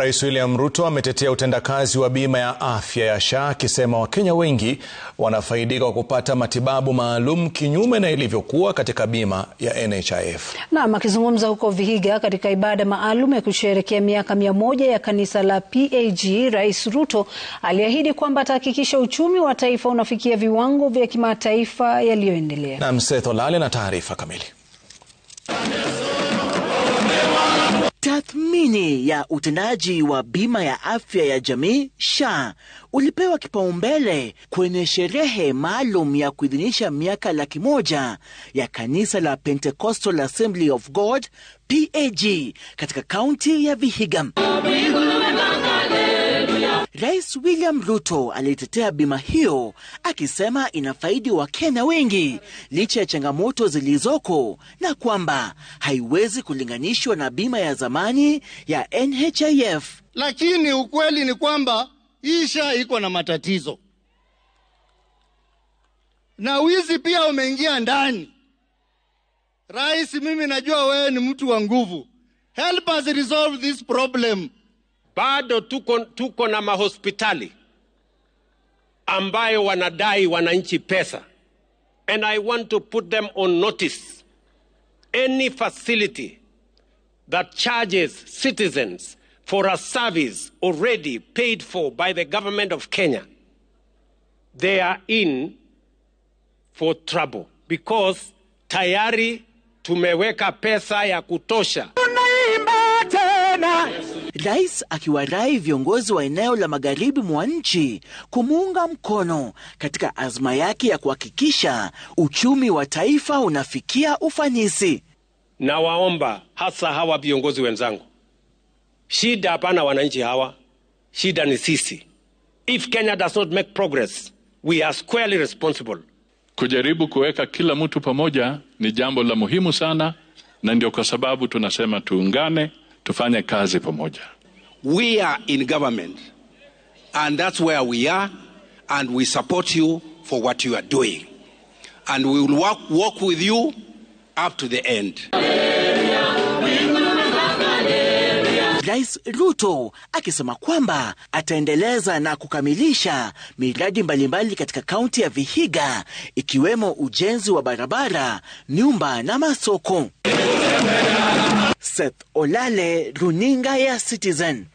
Rais William Ruto ametetea utendakazi wa bima ya afya ya SHA akisema Wakenya wengi wanafaidika kwa kupata matibabu maalum kinyume na ilivyokuwa katika bima ya NHIF. Naam, akizungumza huko Vihiga katika ibada maalum ya kusherehekea miaka mia moja ya kanisa la PAG, Rais Ruto aliahidi kwamba atahakikisha uchumi wa taifa unafikia viwango vya kimataifa yaliyoendelea. Naam, Seth Olale na taarifa kamili. Tathmini ya utendaji wa bima ya afya ya jamii SHA ulipewa kipaumbele kwenye sherehe maalum ya kuidhinisha miaka laki moja ya kanisa la Pentecostal Assembly of God PAG katika kaunti ya Vihiga. Rais William Ruto alitetea bima hiyo akisema inafaidi Wakenya wengi licha ya changamoto zilizoko na kwamba haiwezi kulinganishwa na bima ya zamani ya NHIF. Lakini ukweli ni kwamba isha iko na matatizo na wizi pia umeingia ndani. Rais, mimi najua wewe ni mtu wa nguvu, help us resolve this problem bado tuko, tuko na mahospitali ambayo wanadai wananchi pesa and i want to put them on notice any facility that charges citizens for a service already paid for by the government of kenya they are in for trouble because tayari tumeweka pesa ya kutosha tunaimba tena yes. Rais akiwarai viongozi wa eneo la magharibi mwa nchi kumuunga mkono katika azma yake ya kuhakikisha uchumi wa taifa unafikia ufanisi. Nawaomba hasa hawa viongozi wenzangu, shida hapana wananchi hawa, shida ni sisi. If Kenya does not make progress, we are squarely responsible. Kujaribu kuweka kila mtu pamoja ni jambo la muhimu sana, na ndio kwa sababu tunasema tuungane, tufanye kazi pamoja. We are in government, and that's where we are, and we support you for what you are doing. And we will work, work with you up to the end. Rais Ruto akisema kwamba ataendeleza na kukamilisha miradi mbalimbali katika kaunti ya Vihiga ikiwemo ujenzi wa barabara, nyumba na masoko. Seth Olale, runinga ya Citizen.